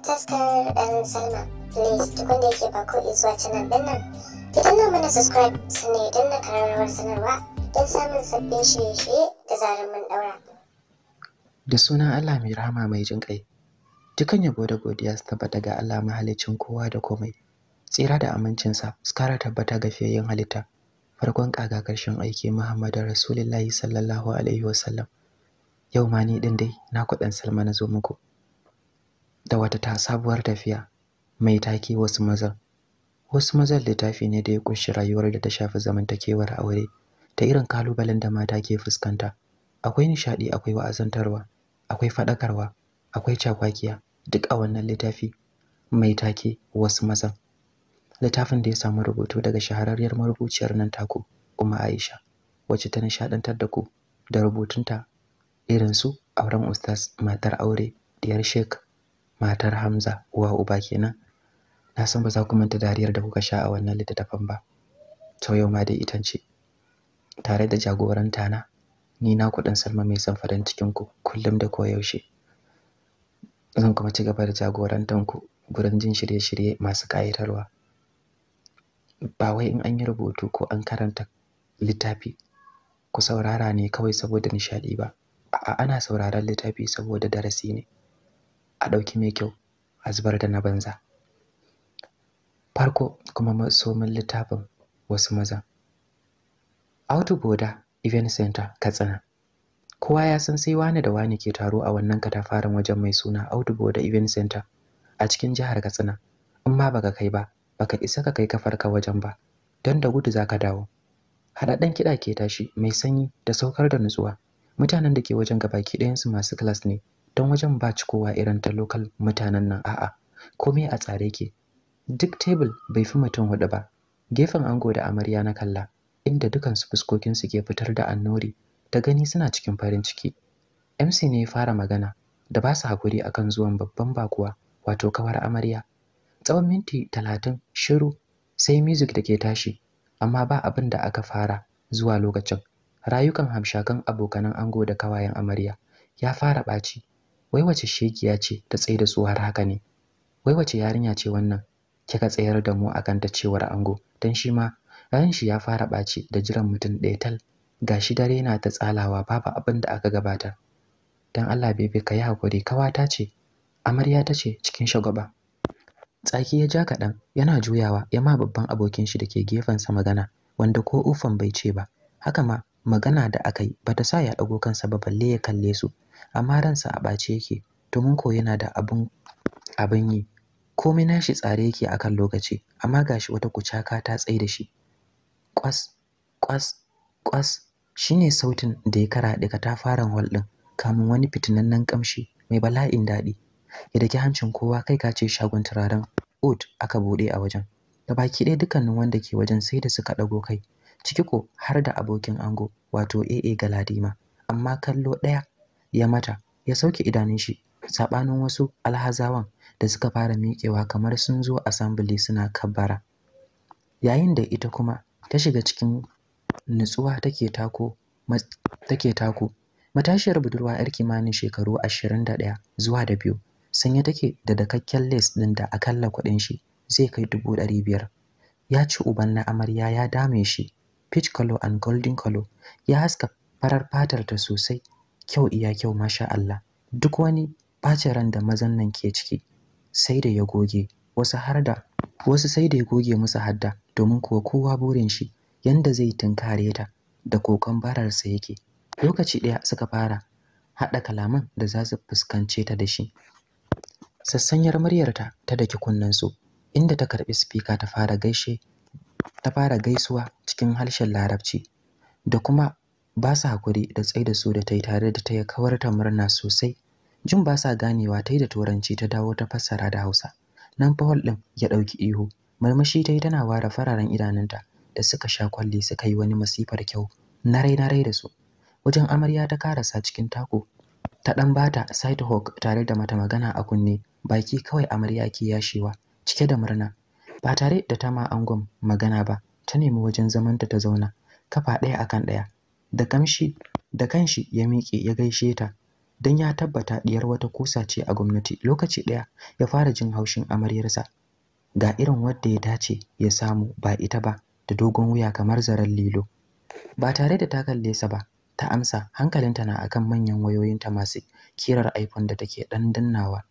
da taskar ɗan salma please duk wanda yake ba ko zuwa canal ɗin nan mana subscribe sannan idan na kararrawar sanarwa don samun sabbin shirye-shirye da zarar mun ɗaura da sunan allah mai rahama mai jin ƙai dukan yabo da godiya su tabbata daga allah mahalicin kowa da komai tsira da amincinsa su kara tabbata ga fiyayyen halitta farkon ƙaga ƙarshen aiki Muhammadu Rasulullahi sallallahu alaihi wasallam yau ma ni ɗin dai na kudan Salma na zo muku da wata ta sabuwar tafiya mai take wasu mazan wasu mazan littafi ne da ya kunshi rayuwar da ta shafi zamantakewar aure ta irin kalubalen da mata ke fuskanta akwai nishadi akwai wa'azantarwa akwai fadakarwa akwai cakwakiya duk a wannan littafi mai take wasu mazan littafin da ya samu rubutu daga shahararriyar marubuciyar nan taku Umma Aisha wacce ta nishadantar da ku da rubutunta irin su auren ustaz matar aure diyar Sheikh matar Hamza uwa uba kenan na san ba za ku manta dariyar da kuka sha a wannan littattafan ba to yau ma dai ita ce tare da jagoranta na ni na kuɗin Salma mai san farin cikin ku kullum da koyaushe zan kuma ci gaba da jagorantar ku gurin jin shirye-shirye masu kayatarwa ba wai in an yi rubutu ko an karanta littafi ku saurara ne kawai saboda nishaɗi ba a'a ana sauraron littafi saboda darasi ne a ɗauki mai kyau a zubar da na banza farko kuma masomin littafin wasu maza. auto boda event center katsina kowa ya san sai wani da wani ke taro a wannan katafaren wajen mai suna auto boda event center a cikin jihar katsina in ma baka kai ba baka isa ka kai kafarka wajen ba don da gudu zaka dawo haɗaɗɗen kiɗa ke tashi mai sanyi da saukar da nutsuwa mutanen da ke wajen gabaki ɗayansu masu class ne don wajen ba ci kowa irin ta lokal mutanen nan a'a komai a tsare ke duk table bai fi mutum hudu ba gefen ango da amarya na kalla inda dukansu fuskokinsu ke fitar da annori ta gani suna cikin farin ciki mc ne ya fara magana da ba su hakuri akan zuwan babban bakuwa wato kawar amarya tsawon minti talatin shiru sai music da ke tashi amma ba abin da aka fara zuwa lokacin rayukan hamshakan abokanan ango da kawayen amarya ya fara ɓaci wai wace shekiya ce ta tsaye da su har haka ne wai wace yarinya ce wannan kika tsayar da mu akan ta cewar ango dan shi ma ran shi ya fara ɓaci da jiran mutum ɗaya tal shi dare yana ta tsalawa babu abin da aka gabatar dan Allah bebe ka yi hakuri kawata ce amarya ta ce cikin shagwaba tsaki ya ja kaɗan yana juyawa ya ma babban abokin shi da ke gefensa magana wanda ko ufan bai ce ba haka ma magana da aka yi ba ta sa ya ɗago kansa ba balle ya kalle su amma ransa a ɓace yake domin ko yana da abin abin yi komai nashi tsare yake akan lokaci amma gashi wata kucaka ta tsai da shi kwas kwas kwas shine sautin da ya kara karaɗe katafaren hol ɗin kamun wani fitinannen kamshi mai bala'in daɗi ya daki hancin kowa kai ka ce shagon turaren oud aka buɗe a wajen da baki ɗaya dukkanin wanda ke wajen sai da suka ɗago kai ciki ko har da abokin ango wato AA Galadima amma kallo ɗaya ya mata ya sauke idanun shi sabanin wasu alhazawan da suka fara miƙewa kamar sun zo assembly suna kabbara yayin da ita kuma ta shiga cikin nutsuwa take tako take tako matashiyar budurwa yar kimanin shekaru 21 zuwa da biyu sanye take da dakakken lace din da akalla kudin shi zai kai dubu biyar. ya ci uban na amarya ya dame shi peach color and golden color ya haska farar fatar ta sosai kyau iya kyau masha Allah duk wani ɓacin ran da mazan nan ke ciki sai da ya goge wasu har da wasu sai da ya goge musu hadda domin kuwa kowa burin shi yanda zai tunkare ta da kokon bararsa yake lokaci ɗaya suka fara haɗa kalaman da za su fuskance ta da shi sassanyar muryarta ta daki kunnensu inda ta karbi spika ta fara gaishe ta fara gaisuwa cikin harshen larabci da kuma ba sa hakuri da da su da ta yi tare da ta yi kawar ta murna sosai jin ba sa ganewa ta yi da turanci ta dawo ta fassara da Hausa nan fa hol din ya ɗauki ihu marmashi yi tana ware fararen idanunta da suka sha kwalli suka yi wani masifar kyau na rai na rai da su wajen amarya ta karasa cikin tako ta ɗan bata sidehawk tare da mata magana a kunne baki kawai amarya ke yashewa cike da murna ba tare da ta ma angon magana ba ta nemi wajen zamanta ta zauna kafa ɗaya akan ɗaya da kamshi da kanshi ya miƙe ya gaishe ta don ya tabbata diyar wata kusa ce a gwamnati lokaci ɗaya ya fara jin haushin amaryarsa ga irin wanda ya dace ya samu ba ita ba da dogon wuya kamar zaren lilo ba tare da ta kalle sa ba ta amsa hankalinta na akan manyan wayoyin ta masu kirar iphone da take dan dannawa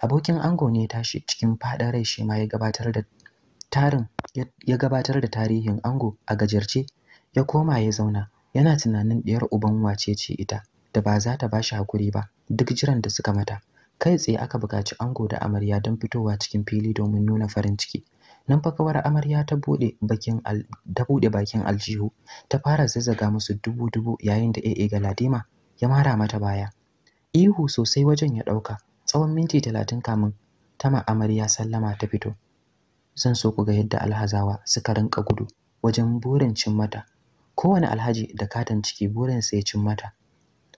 abokin ango ne tashi cikin fadar rai shi ma ya gabatar da tarin ya gabatar da tarihin ango a gajarce ya koma ya zauna yana tunanin ɗiyar uban wace ce ita da ba za ta ba shi hakuri ba duk jiran da suka mata kai tsaye aka buƙaci ango da amarya don fitowa cikin fili domin nuna farin ciki nan fa kawar amarya ta bude bakin ta bude bakin aljihu ta fara zazzaga musu dubu dubu yayin da AA Galadima ya mara mata baya ihu sosai wajen ya ɗauka tsawon minti talatin kamin tama amarya sallama ta fito zan so ku ga yadda alhazawa suka rinka gudu wajen burin cin mata kowane alhaji da katon ciki burinsa ya cin mata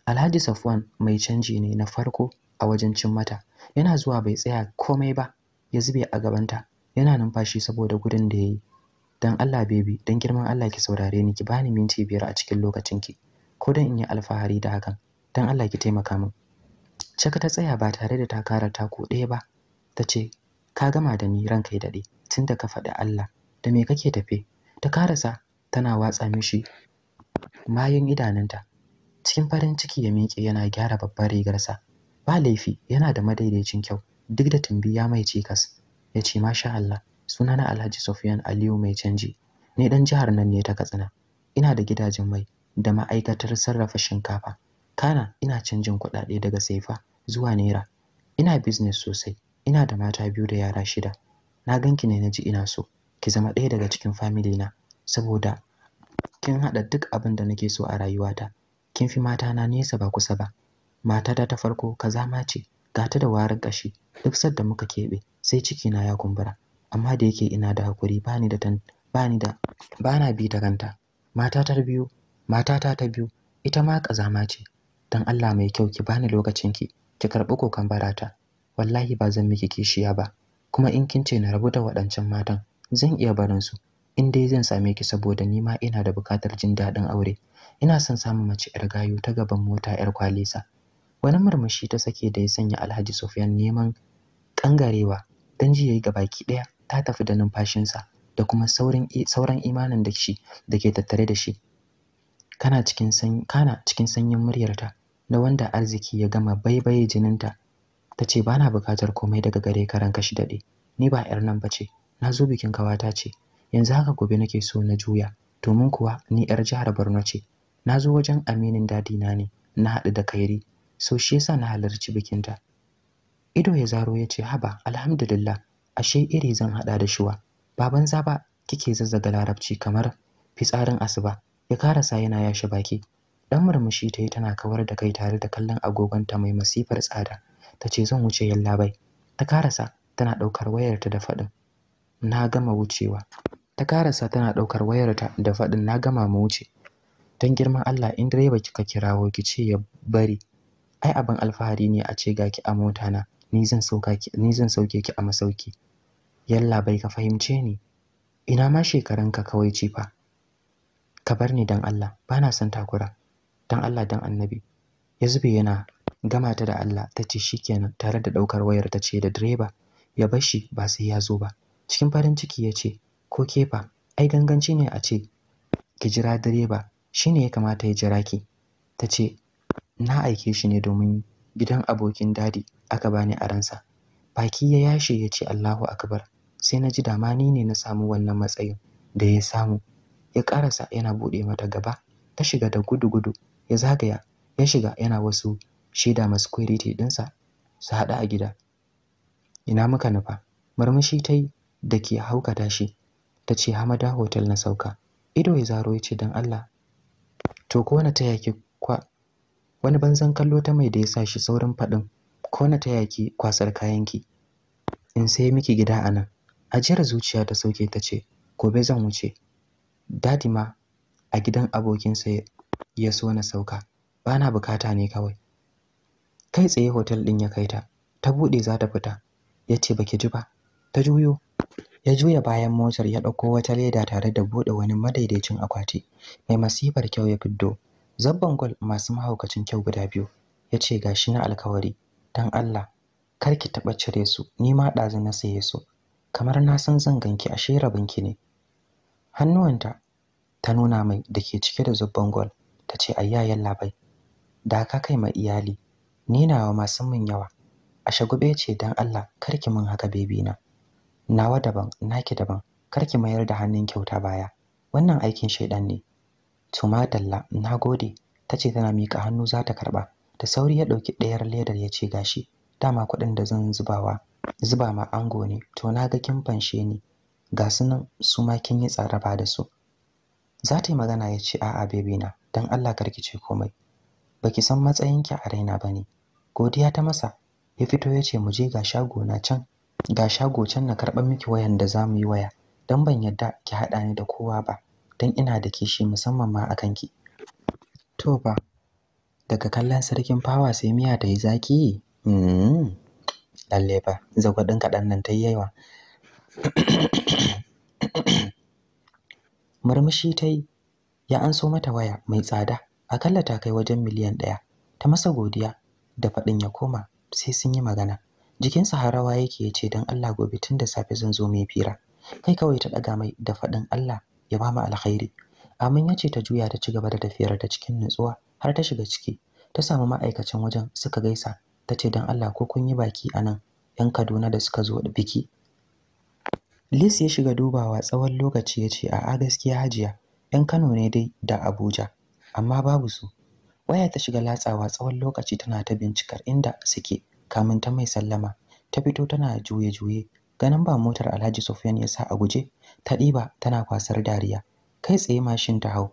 alhaji safwan mai canji ne na farko a wajen cin mata yana zuwa bai tsaya komai ba ya zube a gabanta yana numfashi saboda gudun da ya yi dan Allah baby dan girman Allah ki saurare ni ki bani minti biyar a cikin lokacinki ko dan in yi alfahari da hakan dan Allah ki taimaka min Chaka ta tsaya ba tare da ta kara ko ɗaya ba ta ce ka gama da ni ranka ya daɗe tunda ka faɗi Allah da me kake tafe ta karasa tana watsa mishi mayun idanunta cikin farin ciki ya miƙe yana gyara babbar rigarsa ba laifi yana da madaidaicin kyau duk da tumbi ya mai cikas ya ce masha Allah Suna na Alhaji Sufyan Aliyu mai canji ni dan jihar nan ne ta Katsina ina da gidajen mai da ma'aikatar sarrafa shinkafa kana ina canjin kuɗaɗe daga saifa zuwa naira ina business sosai ina da mata biyu da yara shida na ganki ne naji ina so ki zama ɗaya daga cikin family na saboda kin haɗa duk abin da nake so a rayuwata kin fi mata na nesa ba kusa ba matata ta farko kaza ma ce ga ta da warin ƙashi duk da muka keɓe sai ciki na ya kumbura amma da yake ina da hakuri bani da tan bani da bana bi ta kanta matata ta biyu matata ta biyu ita ma kaza ma ce dan Allah mai kyau ki bani lokacin ki ki karɓi kokan barata wallahi ba zan miki kishiya ba kuma in kin ce na rabu da waɗancan matan zan iya barin su in dai zan same ki saboda ni ma ina da bukatar jin daɗin aure ina son samun mace yar gayu ta gaban mota yar kwalisa wani murmushi ta sake da ya sanya Alhaji Sufyan neman kangarewa dan ji yayi gabaki ɗaya ta tafi da numfashinsa da kuma saurin sauran imanin da shi da ke tattare da shi kana cikin san kana cikin sanyin muryarta na wanda arziki ya gama baibaye jininta ta ce bana bukatar komai daga gare ka ranka shi dade ni ba yar nan bace na zo bikin kawata ce yanzu haka gobe nake so na juya domin kuwa ni yar jihar Borno ce na zo wajen aminin dadi na ne na haɗu da kairi so shi yasa na halarci bikin ta ido ya zaro ya ce haba alhamdulillah ashe iri zan haɗa da shuwa baban zaba kike zazzaga larabci kamar fitsarin asuba ya karasa yana ya shi baki dan murmushi ta yi tana kawar da kai tare da kallon agogonta mai masifar tsada ta ce zan wuce yallabai ta karasa tana ɗaukar wayarta da faɗin na gama wucewa ta karasa tana ɗaukar wayarta da faɗin na gama mu wuce don girman Allah in direba kika kirawo ki ce ya bari ai abin alfahari ne a ce ga ki a mota na ni zan sauka ki ni zan sauke ki a masauki yalla bai ka fahimce ni ina ma shekarunka kawai ce fa ka bar ni dan Allah bana son takura dan Allah dan annabi ya zube yana gama ta da Allah ta ce shikenan tare da ɗaukar wayar ta ce da direba ya bar shi ba sai ya zo ba cikin farin ciki ya ce ko kefa ai ganganci ne a ce ki jira direba shine ya kamata ya jira ki ta ce na aike shi ne domin gidan abokin dadi aka bani a ransa baki ya yashe ya ce Allahu akbar sai na ji dama ni ne na samu wannan matsayin da ya samu ya karasa yana buɗe mata gaba ta shiga da gudu-gudu ya zagaya ya shiga yana wasu shaida masu kwiriti ɗinsa su haɗa a gida ina muka nufa murmushi ta yi da ke haukata shi ta ce hamada hotel na sauka ido ya zaro ya ce don allah to ko na ta yaki kwa wani banzan kallo ta mai da ya sa shi saurin faɗin ko wani ta yaki kwasar kayanki in sai miki gida a nan ajiyar zuciya ta sauke ta ce gobe zan wuce dadi ma a gidan abokinsa ya so na sauka bana bukata ne kawai kai tsaye hotel ɗin ya kai ta ta buɗe za ta fita Ya yace baki ji ba ta juyo ya juya bayan motar ya ɗauko wata leda tare da buɗe wani madaidaicin akwati mai masifar kyau ya fiddo zabban gwal masu mahaukacin kyau guda biyu ya ce ga shi na alkawari don Allah kar ki taɓa cire su ni ma ɗazu na saye su kamar na san zan ganki ashe rabinki ne hannuwanta ta nuna mai da ke cike da zubban gwal ta ce ayya yalla bai da ka kai ma iyali ni nawa masu min yawa a shagube ce don Allah kar ki min haka bebi na nawa daban naki daban kar ki mayar da hannun kyauta baya wannan aikin shaidan ne to madalla nagode tace tana mika hannu za ta karba da sauri ya dauki ɗayar ledar ya ce gashi dama kuɗin da zan zubawa zuba ma ango ne to na ga kin fanshe ni ga su nan su ma kin yi tsaraba da su za ta yi magana ya ce a'a bebe na don Allah karki ce komai baki san matsayinki a raina ne. godiya ta masa ya fito ya ce mu je ga shago na can Ga shago can na karɓar miki wayan da za mu yi waya don ban yadda ki haɗa ni da kowa ba don ina da kishi musamman ma a kanki to ba daga kallon sarkin fawa sai miya ta yi zaki mm-hmm. lalle ba zagwadin kaɗan nan ta yi yawa murmushi ta yi ya anso mata waya mai tsada akalla ta kai wajen miliyan ɗaya ta masa godiya da faɗin ya koma sai sun yi magana Jikin saharawa yake ya ce don Allah gobe tun da safe zan zo mai fira kai kawai ta ɗaga mai da faɗin Allah ya ba mu alkhairi amin ya ce ta juya ta ci gaba da tafiyar ta cikin nutsuwa har ta shiga ciki ta samu ma'aikacin wajen suka gaisa ta ce don Allah ko kun yi baki a nan ‘yan Kaduna da suka zo da biki Lis ya shiga dubawa tsawon lokaci ya ce a gaskiya hajiya ‘yan Kano ne dai da Abuja amma babu su waya ta shiga latsawa tsawon lokaci tana ta bincikar inda suke kamun ta mai sallama ta fito tana juye juye ganin ba motar Alhaji Sufyan ya sa a guje ta ɗiba tana kwasar dariya kai tsaye mashin ta hau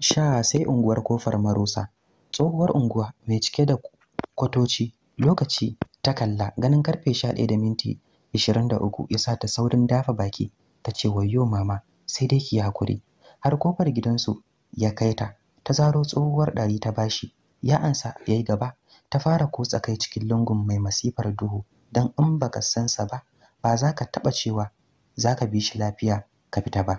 sha sai unguwar kofar marusa tsohuwar unguwa mai cike da kwatoci lokaci ta kalla ganin karfe 11 da minti 23 ya sa ta saurin dafa baki ta ce wayyo mama sai dai ki hakuri har kofar gidansu ya kai ta ta zaro tsohuwar ɗari ta bashi ya ansa ya yi gaba ta fara kotsa kai cikin lungun mai masifar duhu don in baka san sa ba ba za ka taɓa cewa za ka bi shi lafiya ka fita ba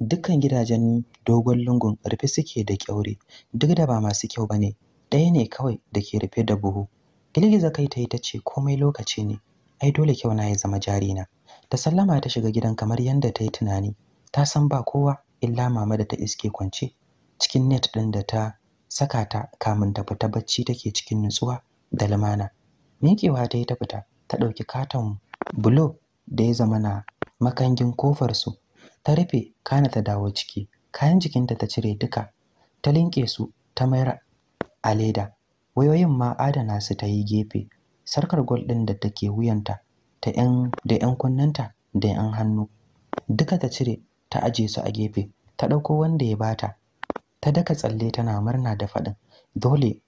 dukkan gidajen dogon lungun rufe suke da kyaure duk da ba masu kyau ba ne ɗaya ne kawai da ke rufe da buhu girgiza kai ta yi ta ce komai lokaci ne ai dole kyau na ya zama jari na ta sallama ta shiga gidan kamar yadda ta yi tunani ta san ba kowa illa mama da ta iske kwance cikin net ɗin da ta saka ta kamun ta fita bacci take cikin nutsuwa da lumana miƙewa ta yi ta fita ta ɗauki katon bulo da ya zama na makangin kofar su ta rufe kana ta dawo ciki kayan jikinta ta cire duka ta linke su ta mayar a leda wayoyin ma adana su ta yi gefe sarkar gwal ɗin da take wuyanta ta yan da yan kunnanta da yan hannu duka ta cire ta aje su a gefe ta ɗauko wanda ya bata ta daka tsalle tana murna da faɗin dole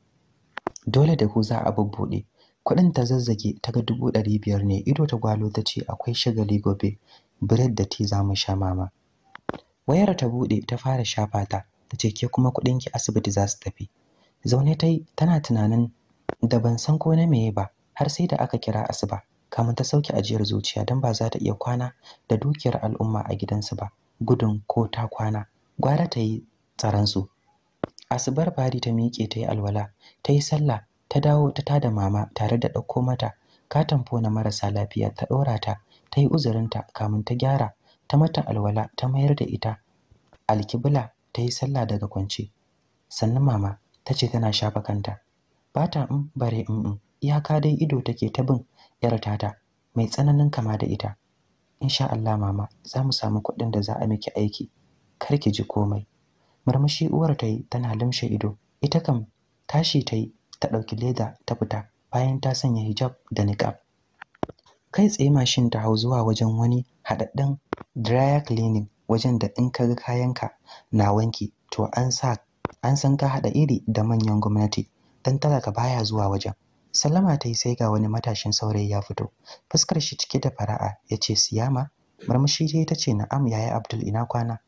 dole da ku za a bubbude kuɗin ta zazzage ta ga dubu ɗari biyar ne ido ta gwalo ta ce akwai shagali gobe bired da ti za mu sha mama wayar ta buɗe ta fara shafa ta ta ce ke kuma ki asibiti za su tafi zaune ta yi tana tunanin da ban san ko na meye ba har sai da aka kira asuba kamun ta sauke ajiyar zuciya don ba za ta iya kwana da dukiyar al'umma a gidansu ba gudun ko ta kwana gwara ta yi tsaronsu asibar bari ta miƙe ta yi alwala ta yi sallah ta dawo ta tada mama tare da ɗauko mata katamfo na marasa lafiya ta ɗora ta ta yi uzurinta kamun ta gyara ta mata alwala ta mayar da ita alkibla ta yi sallah daga kwance sannan mama ta ce tana shafa kanta ba ta in um, bare in um, um. iyaka dai ido take ta bin yar tata mai tsananin kama da ita insha Allah mama za mu samu kuɗin da za a miki aiki kar ki ji komai Marmashi uwar ta yi tana lumshe ido. Ita kam tashi ta yi ta ɗauki leda ta fita bayan ta sanya hijab da niqab. Kai tsaye mashin ta hau zuwa wajen wani haɗaɗɗen dryer cleaning wajen da in ka ga kayanka na wanki to an sa an san ka haɗa iri da manyan gwamnati dan talaka baya zuwa wajen. Salama ta yi sai ga wani matashin saurayi ya fito. Fuskar shi cike da fara'a ya ce siyama. Marmashi ta yi ta ce na'am yaya Abdul ina kwana.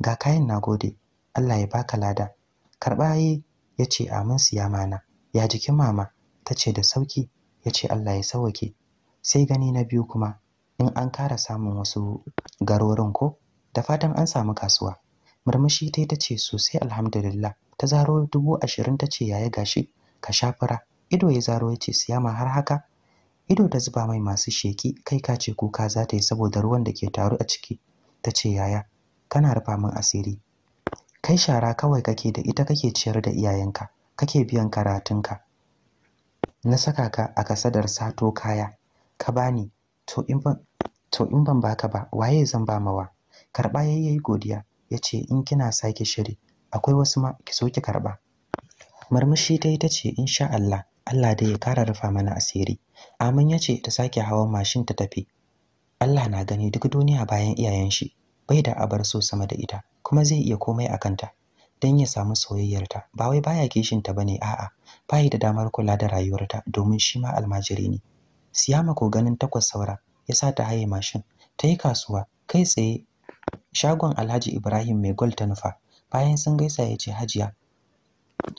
Ga kayan na gode. Allah ya baka lada karbaye yi ya amin siya mana ya jikin mama tace da sauki yace Allah ya sauke, sai gani na biyu kuma in an kara samun wasu garorin ko da fatan an samu kasuwa murmushi ta tace sosai alhamdulillah ta zaro dubu ashirin ta yaya gashi ka shafura ido ya zaro yace ce siyama har haka ido ta zuba mai masu sheki kai ka ce kuka za ta yi saboda ruwan da ke taru a ciki tace yaya kana rufa min asiri kai shara kawai kake da ita kake ciyar da iyayenka kake biyan karatunka na saka ka a kasadar sato kaya ka bani to in ban baka ba waye zan ba mawa karba yayi godiya ya ce in kina sake shiri akwai wasu ma ki so ki karba marmushi ta yi ta ce sha Allah Allah dai ya kara rufa mana asiri amin ce ta sake hawan mashin ta tafi Allah na gani duk duniya bayan iyayen shi bai da abar so sama da ita kuma zai iya komai a kanta don ya samu soyayyarta ba wai baya kishinta ne. a'a bayi da damar kula da rayuwarta domin shi ma almajiri ne siyama ko ganin takwas saura ya sa ta haye mashin ta yi kasuwa kai tsaye shagon alhaji ibrahim mai gwal ta nufa bayan sun gaisa ya ce hajiya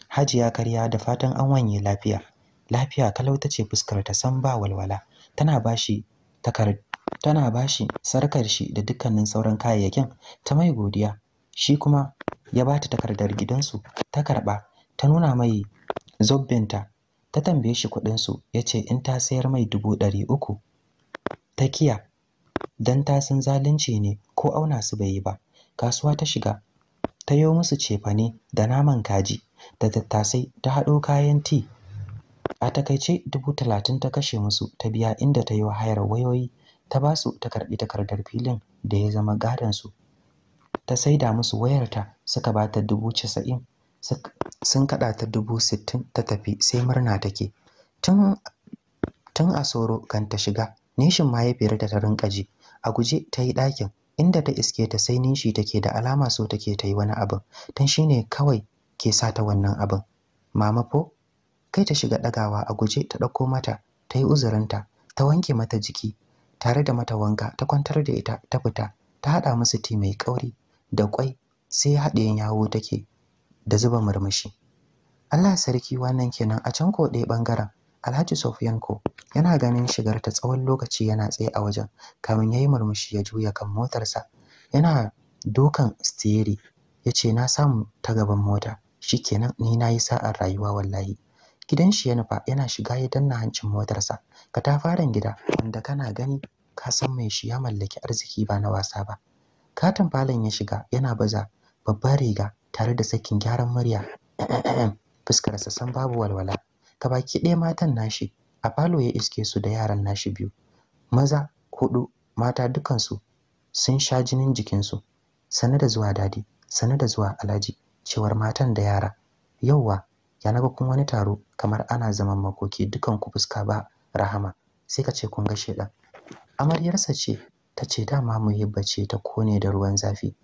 hajiya karya da fatan an wanye lafiya lafiya kalau ta ce fuskar ta san ba walwala tana bashi takardu. tana bashi sarkar shi da dukkanin sauran kayayyakin ta mai godiya shi kuma ya bata takardar gidansu ta karba ta nuna mai zobbinta ta tambaye shi kuɗinsu ya ce in ta sayar mai dubu ɗari uku ta kiya don ta san zalunci ne ko auna su bai yi ba kasuwa ta shiga ta yo musu cefane da naman kaji da tattasai ta haɗo kayan ti a takaice dubu talatin ta kashe musu ta biya inda ta yi wa hayar wayoyi ta ba su ta karɓi takardar filin da ya zama gadon su ta saida musu wayarta suka ba ta dubu casa'in sun kaɗa ta dubu sittin ta tafi sai murna take tun a soro kan ta shiga nishin ma ya da ta rinka ji a guje ta yi ɗakin inda ta iske ta sai nishi take da alama so take ta yi wani abin tun shine kawai ke sa ta wannan abin mama po kai ta shiga ɗagawa a guje ta ɗauko mata ta yi uzurinta ta wanke mata jiki tare da mata wanka ta kwantar da ita ta fita ta haɗa musu ti mai kauri da kwai sai haɗiyan yawo take da zuba murmushi Allah sarki wannan kenan a can ko ɗaya ɓangaren Alhaji Sofiyanko yana ganin shigar ta tsawon lokaci yana tsaye a wajen kamin yayi murmushi ya juya kan motarsa yana dokan stiyeri yace na samu ta gaban mota shikenan ni nayi yi sa'ar rayuwa wallahi gidan shi ya nufa yana shiga ya danna hancin motarsa katafaren gida wanda kana gani ka san mai shi ya mallaki arziki ba na wasa ba katin falon ya shiga yana baza babbar riga tare da sakin gyaran murya fuskarsa san babu walwala ka baki ɗaya matan nashi a falo ya iske su da yaran nashi biyu maza hudu mata dukansu sun sha jinin jikinsu sane da zuwa dadi sane da zuwa alhaji cewar matan da yara yauwa ya naga kun wani taro kamar ana zaman makoki dukan ku fuska ba rahama sai ka ce kun ga shedan amaryarsa ce ta ce dama muhibbace ta kone da ruwan zafi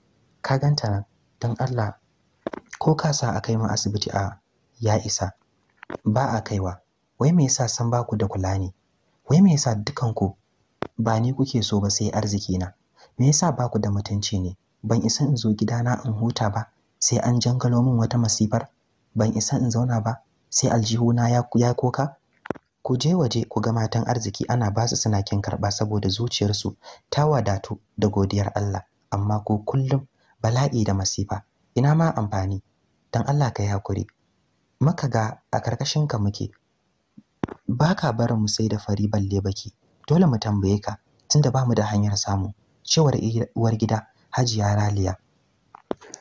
ka ganta nan dan Allah ko ka sa a kai mu asibiti a ya isa ba a kaiwa wai me yasa san ba ku da kula ne wai me yasa dukan ku ba ni kuke so ba sai arziki na me yasa ba ku da mutunci ne ban isa in zo gidana in huta ba sai an jangalo min wata masifar ban isa in zauna ba sai aljihu na ya koka ku je waje ku ga matan arziki ana ba su suna kin karɓa saboda zuciyarsu ta wadatu da godiyar Allah amma ku kullum bala'i da masifa ina ma amfani don Allah ka yi hakuri maka ga a ka muke ba ka barin mu sai da fari balle baki dole mu tambaye ka tunda ba mu da hanyar samu cewar uwar gida hajiya raliya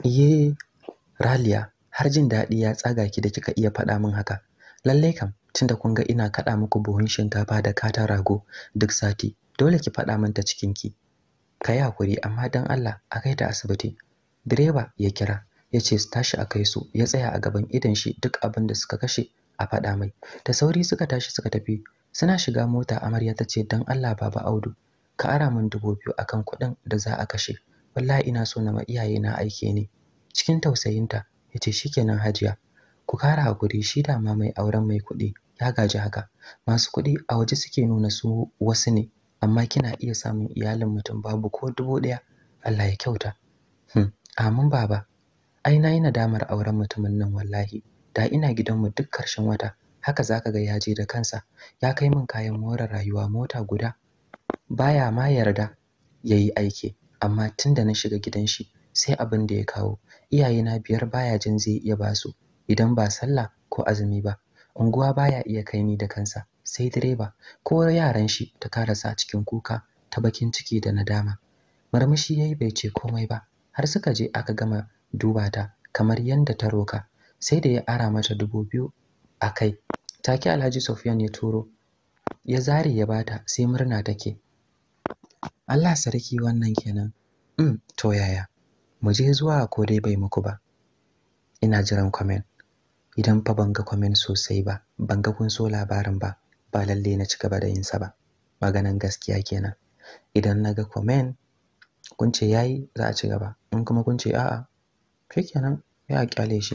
ye raliya har jin daɗi ya tsaga ki da kika iya faɗa min haka lallai kam tunda kun ga ina kaɗa muku buhun shinkafa da kata rago duk sati dole ki faɗa min ta ki. ka yi hakuri amma dan Allah a kai ta asibiti direba ya kira ya ce su tashi a kai su ya tsaya a gaban idon shi duk abin da suka kashe a faɗa mai da sauri suka tashi suka tafi suna shiga mota amarya ta ce dan Allah baba audu ka ara min dubu biyu akan kuɗin da za a kashe wallahi ina so na ma iyaye na aike ne cikin tausayinta ya ce shikenan hajiya ku kara hakuri shi da ma mai auren mai kuɗi ya gaji haka masu kuɗi a waje suke nuna su wasu ne amma kina iya samun iyalin mutum babu ko dubu ɗaya Allah ya kyauta hmm. amin baba ai na yi nadamar auren mutumin nan wallahi da ina gidanmu duk karshen wata haka zaka ga yaje da kansa ya kai min kayan more rayuwa mota guda baya ma yarda ya yi aiki amma tun da na shiga gidan shi sai abin da ya kawo iyayena biyar baya jin zai iya basu idan ba sallah ko azumi ba unguwa baya iya kai ni da kansa sai direba ko yaran shi ta karasa cikin kuka ta bakin ciki da nadama marmashi yayi bai ce komai ba har suka je aka gama duba ta kamar yanda ta roka sai da ya ara mata dubu biyu a kai take Alhaji sofiyan ya turo ya zare ya bata sai murna take Allah sarki wannan kenan mm to yaya mu je zuwa ko dai bai muku ba ina jiran comment idan fa ban ga comment sosai ba ban ga kun so labarin ba ba lalle na ci gaba da yin sa ba maganan gaskiya kenan idan na ga comment kun ce yayi za a ci gaba in kuma kun ce a'a kenan ya kyale shi